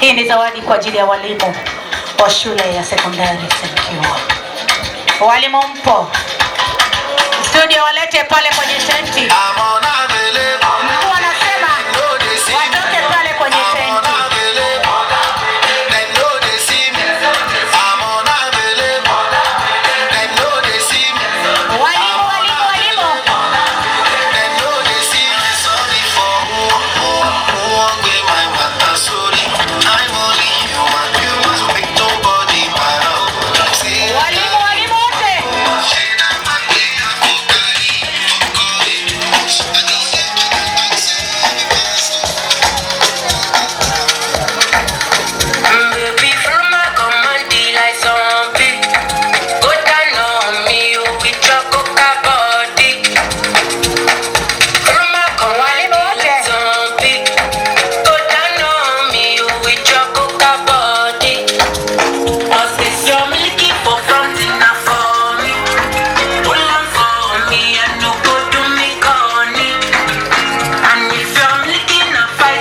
Hii ni zawadi kwa ajili ya walimu wa shule ya sekondari Senkiwa. Walimu mpo studio, walete pale kwenye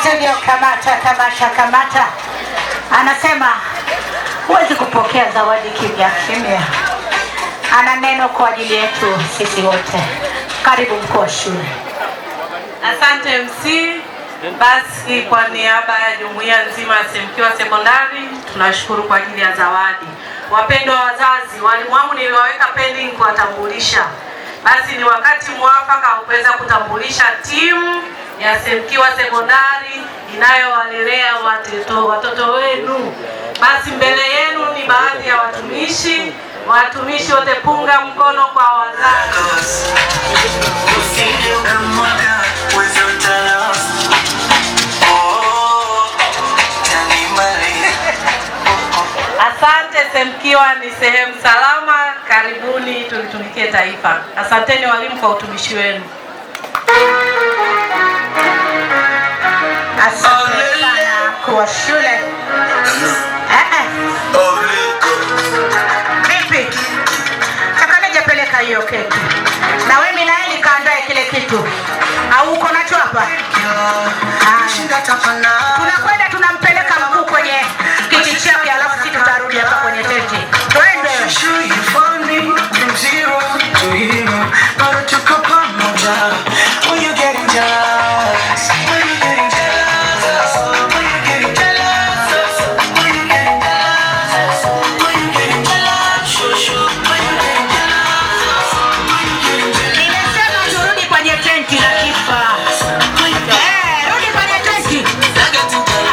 studio, kamata tamasha, kamata. Anasema huwezi kupokea zawadi kimya kimya. Ana neno kwa ajili yetu sisi wote. Karibu mkuu wa shule. Asante MC. Basi kwa niaba ya jumuiya nzima ya Semkiwa Sekondari tunashukuru kwa ajili ya zawadi. Wapendwa wazazi, walimu wangu niliwaweka pending kuwatambulisha, basi ni wakati mwafaka wa kuweza kutambulisha timu ya Semkiwa Sekondari inayowalelea watoto watoto wenu. Basi mbele yenu ni baadhi ya watumishi. Watumishi wote punga mkono kwa wazazi. Asante. Semkiwa ni sehemu salama. Karibuni tulitumikie taifa. Asanteni walimu kwa utumishi wenu asante sana kwa shule. Vipi takanijapeleka hiyo keki na wewe Minaeli, kaandae kile kitu au uko nacho hapa? Tunakwenda tunampeleka mkuu kwenye kiti chake, alafu sisi tutarudi hapa kwenye tenti. Twende.